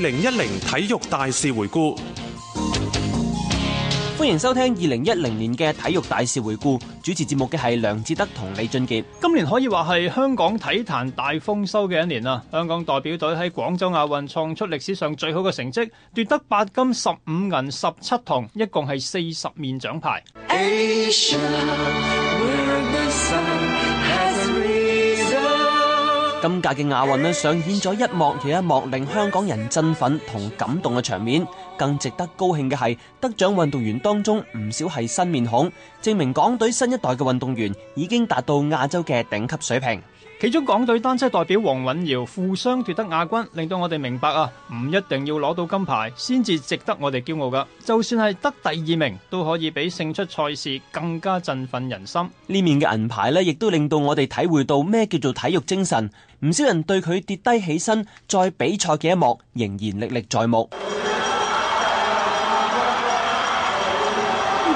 二零一零體育大事回顧，歡迎收聽二零一零年嘅體育大事回顧。主持節目嘅係梁志德同李俊杰。今年可以話係香港體壇大豐收嘅一年啦！香港代表隊喺廣州亞運創出歷史上最好嘅成績，奪得八金、十五銀、十七銅，一共係四十面獎牌。今屆嘅亞運咧，上演咗一幕又一幕令香港人振奮同感動嘅場面。更值得高興嘅係，得獎運動員當中唔少係新面孔，證明港隊新一代嘅運動員已經達到亞洲嘅頂級水平。其中港隊單車代表黃蘊瑤負傷奪得亞軍，令到我哋明白啊，唔一定要攞到金牌先至值得我哋驕傲噶。就算係得第二名，都可以比勝出賽事更加振奮人心。呢面嘅銀牌呢，亦都令到我哋體會到咩叫做體育精神。唔少人對佢跌低起身再比賽嘅一幕仍然歷歷在目。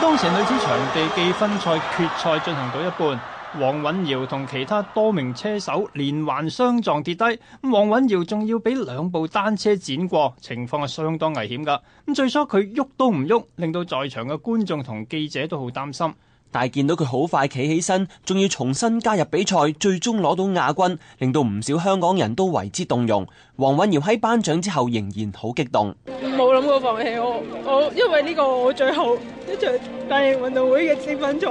當時女子場地記分賽決賽進行到一半。黃蘊瑤同其他多名車手連環相撞跌低，咁黃蘊瑤仲要俾兩部單車剪過，情況係相當危險噶。咁最初佢喐都唔喐，令到在場嘅觀眾同記者都好擔心。但係見到佢好快企起身，仲要重新加入比賽，最終攞到亞軍，令到唔少香港人都為之動容。黃蘊瑤喺頒獎之後仍然好激動，冇諗過放棄我，我因為呢個我最後一場大型運動會嘅積分賽。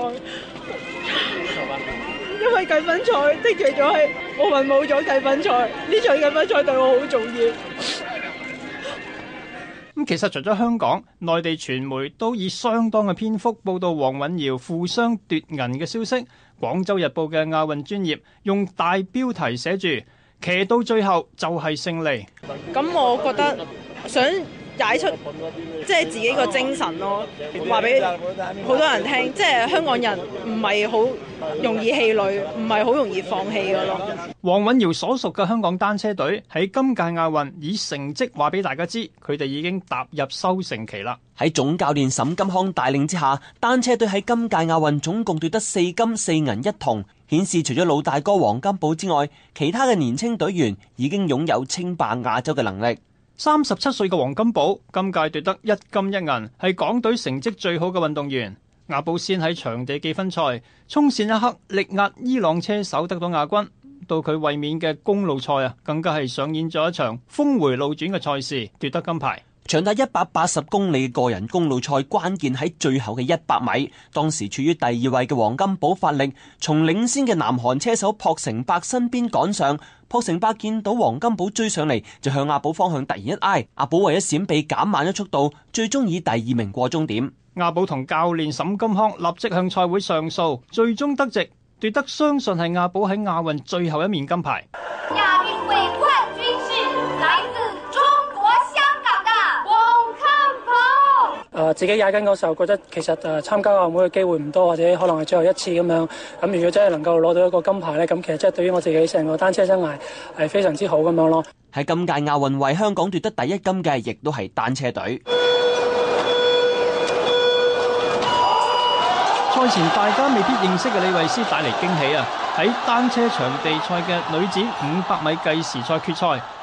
因為計分賽，即其仲係奧運冇咗計分賽，呢場計分賽對我好重要。咁 其實除咗香港，內地傳媒都以相當嘅篇幅報道黃蘊瑤負傷奪銀嘅消息。廣州日報嘅亞運專頁用大標題寫住，騎到最後就係勝利。咁、嗯、我覺得想。解出即係自己個精神咯，話俾好多人聽，即係香港人唔係好容易氣餒，唔係好容易放棄嘅咯。黃蘊瑤所屬嘅香港單車隊喺今屆亞運以成績話俾大家知，佢哋已經踏入收成期啦。喺總教練沈金康帶領之下，單車隊喺今屆亞運總共奪得四金四銀一銅，顯示除咗老大哥黃金寶之外，其他嘅年青隊員已經擁有稱霸亞洲嘅能力。三十七歲嘅黃金寶今屆奪得一金一銀，係港隊成績最好嘅運動員。亞寶先喺場地記分賽衝線一刻力壓伊朗車手得到亞軍，到佢衛冕嘅公路賽啊，更加係上演咗一場峰回路轉嘅賽事，奪得金牌。長達一百八十公里嘅個人公路賽，關鍵喺最後嘅一百米。當時處於第二位嘅黃金寶發力，從領先嘅南韓車手朴成伯身邊趕上。朴成伯見到黃金寶追上嚟，就向阿寶方向突然一嗌。阿寶為咗閃避，減慢咗速度，最終以第二名過終點。阿寶同教練沈金康立即向賽會上訴，最終得席得直。奪得相信係阿寶喺亞運最後一面金牌。 誒自己踩緊嗰時候，覺得其實誒參加亞運會嘅機會唔多，或者可能係最後一次咁樣。咁如果真係能夠攞到一個金牌咧，咁其實真係對於我自己成個單車生涯係非常之好咁樣咯。喺今屆亞運為香港奪得第一金嘅，亦都係單車隊。賽前大家未必認識嘅李慧詩帶嚟驚喜啊！喺單車場地賽嘅女子五百米計時賽決賽。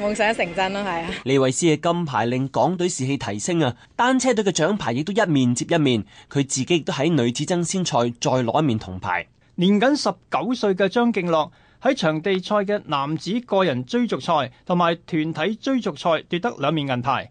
夢想成真咯，係啊！李慧詩嘅金牌令港隊士氣提升啊，單車隊嘅獎牌亦都一面接一面，佢自己亦都喺女子爭先賽再攞一面銅牌。年僅十九歲嘅張敬樂喺場地賽嘅男子個人追逐賽同埋團體追逐賽奪得兩面銀牌。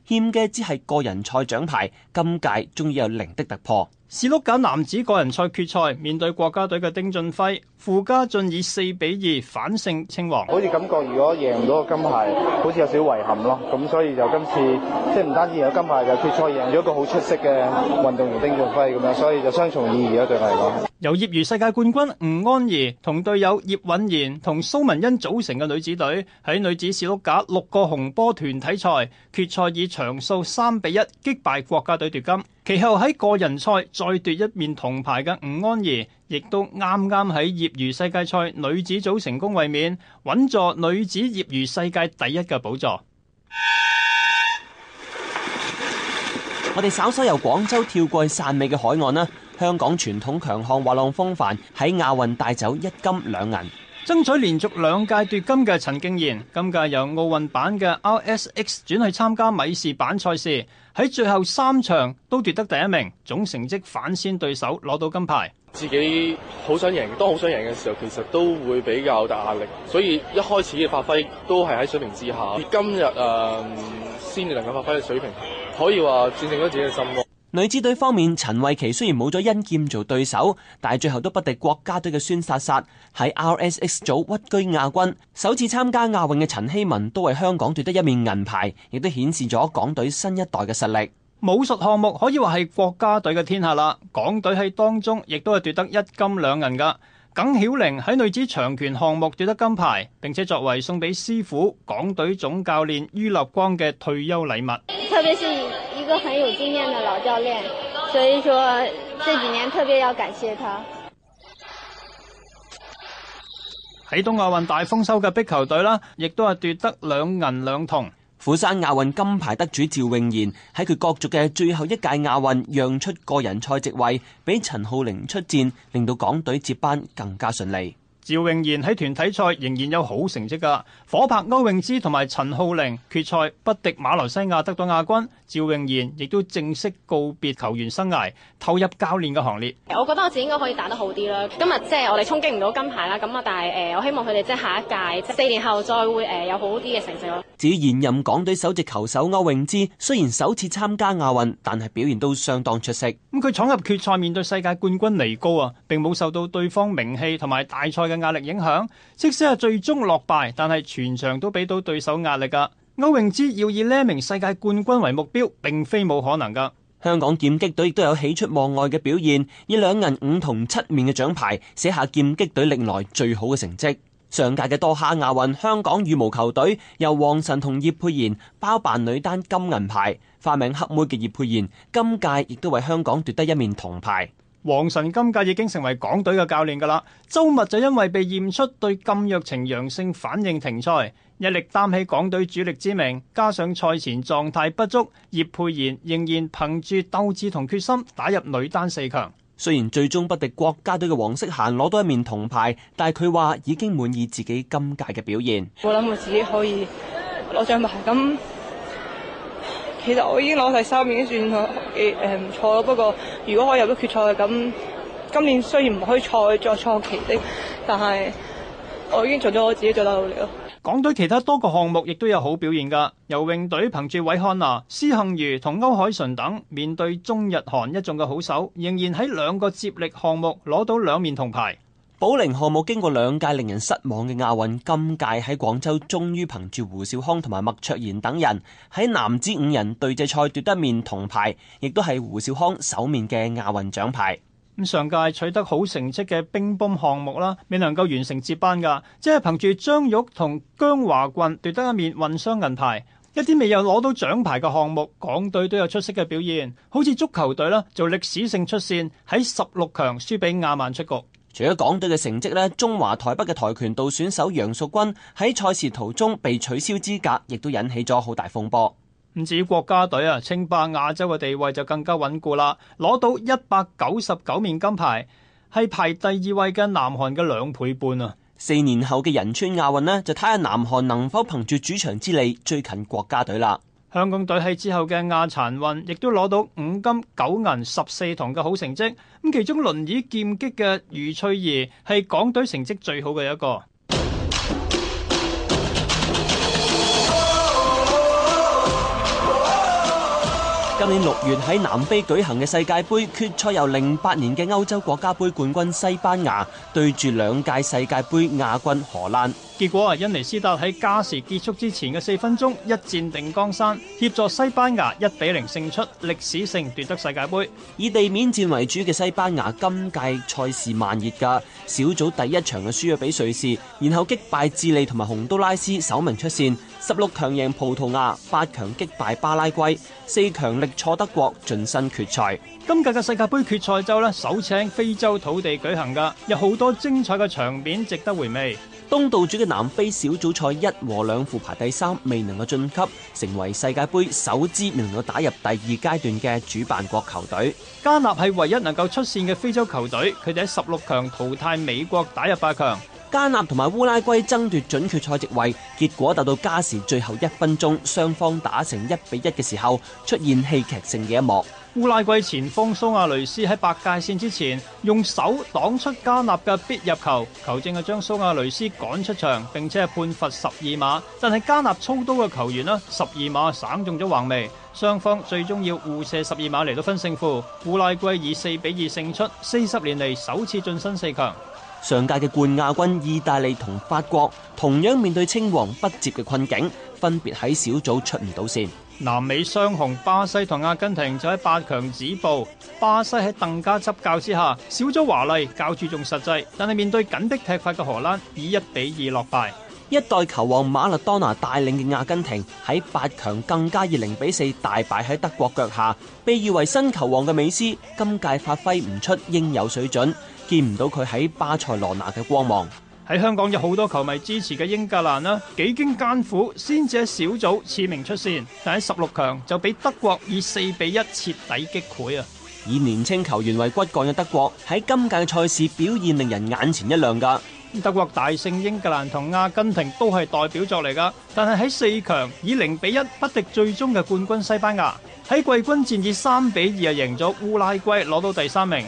添嘅只係個人賽獎牌，今屆終於有零的突破。士碌架男子個人賽決賽，面對國家隊嘅丁俊暉、傅家俊以四比二反勝稱王，好似感覺如果贏唔到個金牌，好似有少少遺憾咯。咁所以就今次即係唔單止有金牌，就決賽贏咗一個好出色嘅運動員丁俊暉咁樣，所以就雙重意義咯，對係咯。由業餘世界冠軍吳安儀同隊友葉蘊妍同蘇文欣組成嘅女子隊，喺女子士碌架六個紅波團體賽決賽以強數三比一擊敗國家隊奪金，其後喺個人賽再奪一面銅牌嘅吳安儀，亦都啱啱喺業餘世界賽女子組成功衛冕，穩坐女子業餘世界第一嘅寶座。我哋稍稍由廣州跳過去汕尾嘅海岸啦，香港傳統強項滑浪風帆喺亞運帶走一金兩銀。爭取連續兩屆奪金嘅陳敬賢，今屆由奧運版嘅 RSX 轉去參加米氏版賽事，喺最後三場都奪得第一名，總成績反先對手攞到金牌。自己好想贏，當好想贏嘅時候，其實都會比較大壓力，所以一開始嘅發揮都係喺水平之下，今日誒先至能夠發揮嘅水平，可以話戰勝咗自己嘅心。女子隊方面，陳慧琪雖然冇咗殷劍做對手，但係最後都不敵國家隊嘅孫莎莎，喺 RSX 組屈居亞軍。首次參加亞運嘅陳希文都為香港奪得一面銀牌，亦都顯示咗港隊新一代嘅實力。武術項目可以話係國家隊嘅天下啦，港隊喺當中亦都係奪得一金兩銀噶。耿曉玲喺女子長拳項目奪得金牌，並且作為送俾師傅、港隊總教練于立光嘅退休禮物。都很有經驗的老教練，所以說這幾年特別要感謝他。喺東亞運大豐收嘅壁球隊啦，亦都係奪得兩銀兩銅。釜山亞運金牌得主趙詠賢喺佢角逐嘅最後一屆亞運，讓出個人賽席位俾陳浩鈴出戰，令到港隊接班更加順利。趙詠賢喺團體賽仍然有好成績㗎，夥拍歐詠芝同埋陳浩玲決賽不敵馬來西亞得到亞軍，趙詠賢亦都正式告別球員生涯，投入教練嘅行列。我覺得我自己應該可以打得好啲啦，今日即係我哋衝擊唔到金牌啦，咁啊但係誒我希望佢哋即係下一屆四年後再會誒有好啲嘅成績咯。至於現任港隊首席球手歐詠芝，雖然首次參加亞運，但係表現都相當出色。咁佢闖入決賽，面對世界冠軍尼高啊，並冇受到對方名氣同埋大賽嘅壓力影響，即使係最終落敗，但係全場都俾到對手壓力噶。歐詠芝要以呢名世界冠軍為目標，並非冇可能噶。香港劍擊隊亦都有喜出望外嘅表現，以兩銀五銅七面嘅獎牌寫下劍擊隊歷來最好嘅成績。上屆嘅多哈亞運，香港羽毛球隊由王晨同葉姵延包辦女單金銀牌，化名黑妹嘅葉姵延今屆亦都為香港奪得一面銅牌。黃晨今屆已經成為港隊嘅教練㗎喇，周密就因為被驗出對禁藥呈陽性反應停賽，一力擔起港隊主力之名。加上賽前狀態不足，葉佩妍仍然憑住鬥志同決心打入女單四強。雖然最終不敵國家隊嘅王適嫻攞到一面銅牌，但係佢話已經滿意自己今屆嘅表現。我諗我自己可以攞獎牌咁。其實我已經攞曬三，已經算誒唔錯咯。不過如果可以入到決賽嘅咁，今年雖然唔可以再作賽期的，但係我已經做咗我自己最大努力咯。港隊其他多個項目亦都有好表現㗎。游泳隊憑住韋漢娜、施幸餘同歐鎧淳等，面對中日韓一眾嘅好手，仍然喺兩個接力項目攞到兩面銅牌。保齡項目經過兩屆令人失望嘅亞運，今屆喺廣州終於憑住胡兆康同埋麥卓賢等人喺男子五人隊際賽奪得一面銅牌，亦都係胡兆康首面嘅亞運獎牌。咁上屆取得好成績嘅乒乓項目啦，未能夠完成接班噶，即係憑住張鈺同姜華珺奪得一面混雙銀牌。一啲未有攞到獎牌嘅項目，港隊都有出色嘅表現，好似足球隊啦，就歷史性出線喺十六強輸俾亞曼出局。除咗港隊嘅成績咧，中華台北嘅跆拳道選手楊淑君喺賽事途中被取消資格，亦都引起咗好大風波。唔止國家隊啊，稱霸亞洲嘅地位就更加穩固啦，攞到一百九十九面金牌，係排第二位嘅南韓嘅兩倍半啊！四年後嘅仁川亞運咧，就睇下南韓能否憑住主場之利，追近國家隊啦。香港隊喺之後嘅亞殘運亦都攞到五金九銀十四銅嘅好成績，咁其中輪椅劍擊嘅余翠怡係港隊成績最好嘅一個。今年六月喺南非舉行嘅世界杯決賽，由零八年嘅歐洲國家杯冠軍西班牙對住兩屆世界杯亞軍荷蘭。結果啊，因尼斯特喺加時結束之前嘅四分鐘一戰定江山，協助西班牙一比零勝出，歷史性奪得世界杯。以地面戰為主嘅西班牙今屆賽事慢熱噶，小組第一場嘅輸咗俾瑞士，然後擊敗智利同埋洪都拉斯，首名出線。十六強贏葡萄牙，八強擊敗巴拉圭，四強力挫德國，晉身決賽。今屆嘅世界杯決賽周咧，首請非洲土地舉行噶，有好多精彩嘅場面值得回味。東道主嘅南非小組賽一和兩負排第三，未能夠晉級，成為世界杯首支未能夠打入第二階段嘅主辦國球隊。加納係唯一能夠出線嘅非洲球隊，佢哋喺十六強淘汰美國，打入八強。加納同埋烏拉圭爭奪準決賽席位，結果達到加時最後一分鐘，雙方打成一比一嘅時候，出現戲劇性嘅一幕。烏拉圭前鋒蘇亞雷斯喺白界線之前，用手擋出加納嘅必入球，球證係將蘇亞雷斯趕出場，並且係判罰十二碼。但係加納操刀嘅球員呢，十二碼省中咗橫眉，雙方最終要互射十二碼嚟到分勝負。烏拉圭以四比二勝出，四十年嚟首次晉身四強。上屆嘅冠亞軍意大利同法國同樣面對青黃不接嘅困境，分別喺小組出唔到線。南美雙雄巴西同阿根廷就喺八強止步。巴西喺鄧加執教之下少咗華麗，較注重實際，但係面對緊逼踢法嘅荷蘭，以一比二落敗。一代球王馬勒多拿帶領嘅阿根廷喺八強更加以零比四大敗喺德國腳下，被譽為新球王嘅美斯今屆發揮唔出應有水準。見唔到佢喺巴塞羅那嘅光芒。喺香港有好多球迷支持嘅英格蘭啦，幾經艱苦先至喺小組次名出線，但喺十六強就俾德國以四比一徹底擊潰啊！以年輕球員為骨幹嘅德國喺今屆賽事表現令人眼前一亮噶。德國大勝英格蘭同阿根廷都係代表作嚟噶，但係喺四強以零比一不敵最終嘅冠軍西班牙，喺季軍戰以三比二又贏咗烏拉圭，攞到第三名。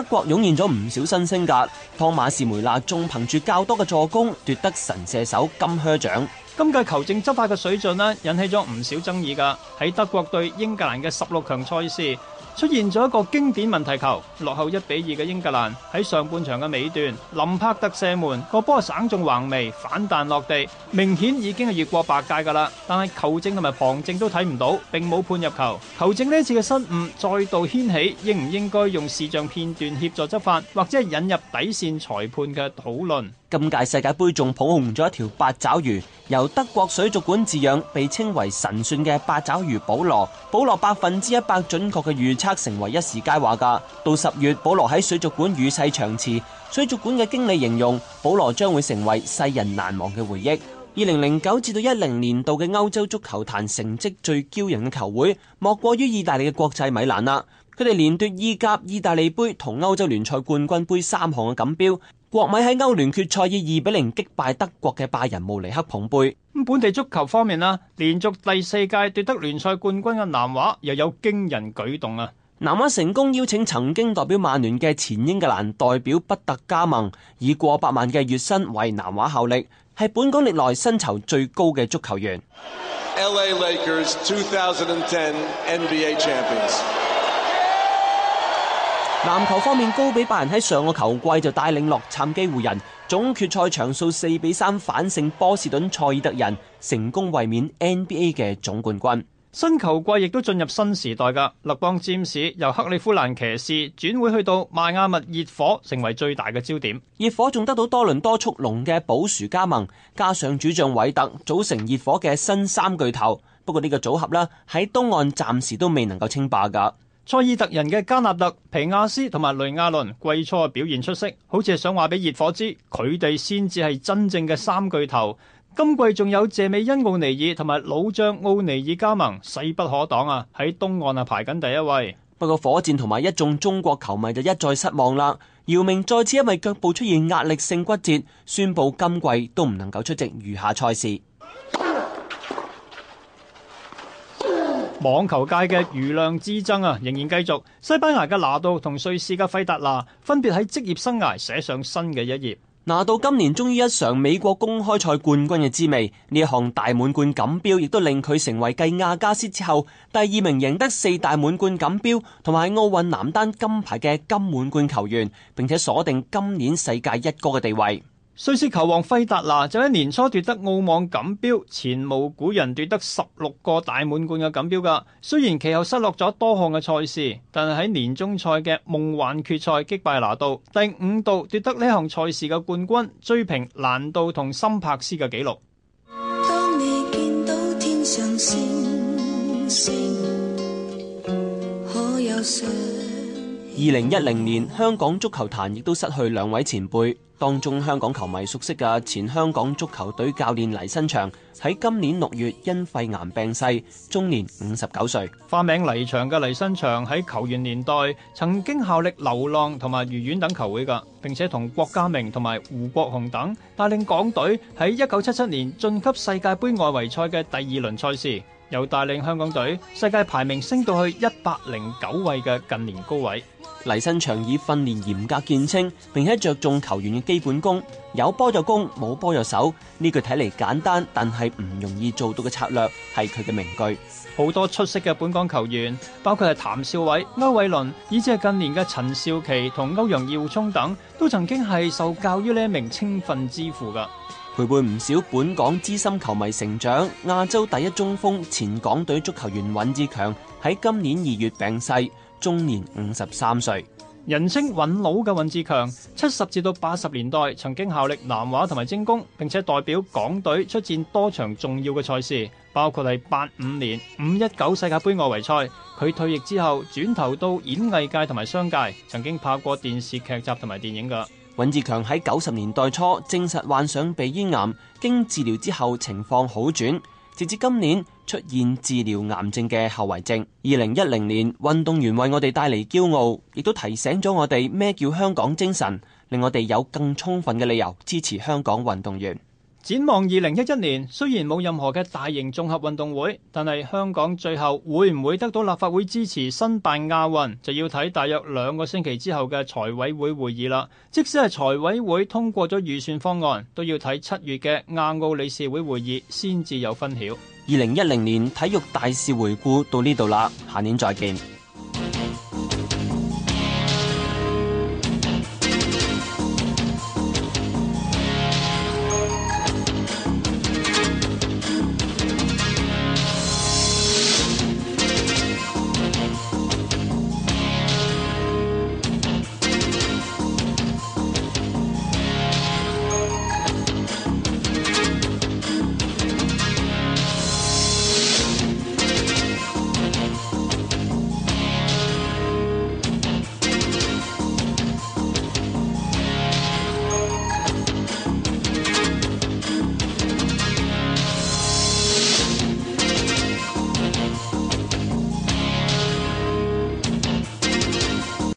德國湧現咗唔少新星格，湯馬士梅納仲憑住較多嘅助攻奪得神射手金靴獎。今屆球證執法嘅水準呢，引起咗唔少爭議噶。喺德國對英格蘭嘅十六強賽事，出現咗一個經典問題球。落後一比二嘅英格蘭喺上半場嘅尾段，林柏特射門個波省中橫楣，反彈落地，明顯已經係越過白界噶啦。但係球證同埋旁證都睇唔到，並冇判入球。球證呢次嘅失誤，再度掀起應唔應該用視像片段協助執法，或者係引入底線裁判嘅討論。今屆世界盃仲捧紅咗一條八爪魚，由德國水族館飼養，被稱為神算嘅八爪魚保羅。保羅百分之一百準確嘅預測成為一時佳話。㗎到十月，保羅喺水族館與世長辭。水族館嘅經理形容保羅將會成為世人難忘嘅回憶。二零零九至到一零年度嘅歐洲足球壇成績最驕人嘅球會，莫過於意大利嘅國際米蘭啦。佢哋連奪意甲、意大利盃同歐洲聯賽冠軍盃三項嘅錦標。國米喺歐聯決賽以二比零擊敗德國嘅拜仁慕尼黑捧杯。本地足球方面啦，連續第四屆奪得聯賽冠軍嘅南華又有驚人舉動啊！南華成功邀請曾經代表曼聯嘅前英格蘭代表畢特加盟，以過百萬嘅月薪為南華效力，係本港歷來薪酬最高嘅足球員。籃球方面，高比拜仁喺上個球季就帶領洛杉磯湖人總決賽場數四比三反勝波士頓賽爾特人，成功衛冕 NBA 嘅總冠軍。新球季亦都進入新時代噶，勒邦占士由克里夫蘭騎士轉會去到邁阿密熱火，成為最大嘅焦點。熱火仲得到多倫多速龍嘅保殊加盟，加上主將韋德，組成熱火嘅新三巨頭。不過呢個組合呢，喺東岸暫時都未能夠稱霸噶。塞爾特人嘅加納特、皮亞斯同埋雷亞倫季初表現出色，好似係想話俾熱火知佢哋先至係真正嘅三巨頭。今季仲有謝美恩奧尼爾同埋老將奧尼爾加盟，勢不可擋啊！喺東岸啊排緊第一位。不過火箭同埋一眾中國球迷就一再失望啦。姚明再次因為腳部出現壓力性骨折，宣布今季都唔能夠出席餘下賽事。網球界嘅瑜亮之爭啊，仍然繼續。西班牙嘅拿度同瑞士嘅費達拿分別喺職業生涯寫上新嘅一頁。拿度今年終於一嘗美國公開賽冠軍嘅滋味，呢一項大滿貫錦標亦都令佢成為繼亞加斯之後第二名贏得四大滿貫錦標同埋喺奧運男單金牌嘅金滿貫球員，並且鎖定今年世界一哥嘅地位。瑞士球王費達拿就喺年初奪得澳網錦標，前無古人奪得十六個大滿貫嘅錦標㗎。雖然其後失落咗多項嘅賽事，但係喺年終賽嘅夢幻決賽擊敗拿度，第五度奪得呢項賽事嘅冠軍，追平蘭度同森柏斯嘅紀錄。二零一零年，香港足球壇亦都失去兩位前輩，當中香港球迷熟悉嘅前香港足球隊教練黎新祥，喺今年六月因肺癌病逝，終年五十九歲。化名黎祥嘅黎新祥喺球員年代曾經效力流浪同埋愉園等球會噶，並且同郭家明同埋胡國雄等帶領港隊喺一九七七年晉級世界杯外圍賽嘅第二輪賽事。又帶領香港隊世界排名升到去一百零九位嘅近年高位，黎新祥以訓練嚴格見稱，並且着重球員嘅基本功，有波就攻，冇波就守，呢句睇嚟簡單，但係唔容易做到嘅策略係佢嘅名句。好多出色嘅本港球員，包括係譚少偉、歐偉倫，以至係近年嘅陳少琪同歐陽耀冲等，都曾經係受教於呢一名青訓之父噶。陪伴唔少本港資深球迷成長，亞洲第一中鋒、前港隊足球員尹志強喺今年二月病逝，終年五十三歲。人稱尹佬嘅尹志強，七十至到八十年代曾經效力南華同埋精工，並且代表港隊出戰多場重要嘅賽事，包括係八五年五一九世界杯外圍賽。佢退役之後，轉投到演藝界同埋商界，曾經拍過電視劇集同埋電影噶。尹志強喺九十年代初證實患上鼻咽癌，經治療之後情況好轉，直至今年出現治療癌症嘅後遺症。二零一零年，運動員為我哋帶嚟驕傲，亦都提醒咗我哋咩叫香港精神，令我哋有更充分嘅理由支持香港運動員。展望二零一一年，雖然冇任何嘅大型綜合運動會，但係香港最後會唔會得到立法會支持申辦亞運，就要睇大約兩個星期之後嘅財委會會議啦。即使係財委會通過咗預算方案，都要睇七月嘅亞奧理事會會議先至有分曉。二零一零年體育大事回顧到呢度啦，下年再見。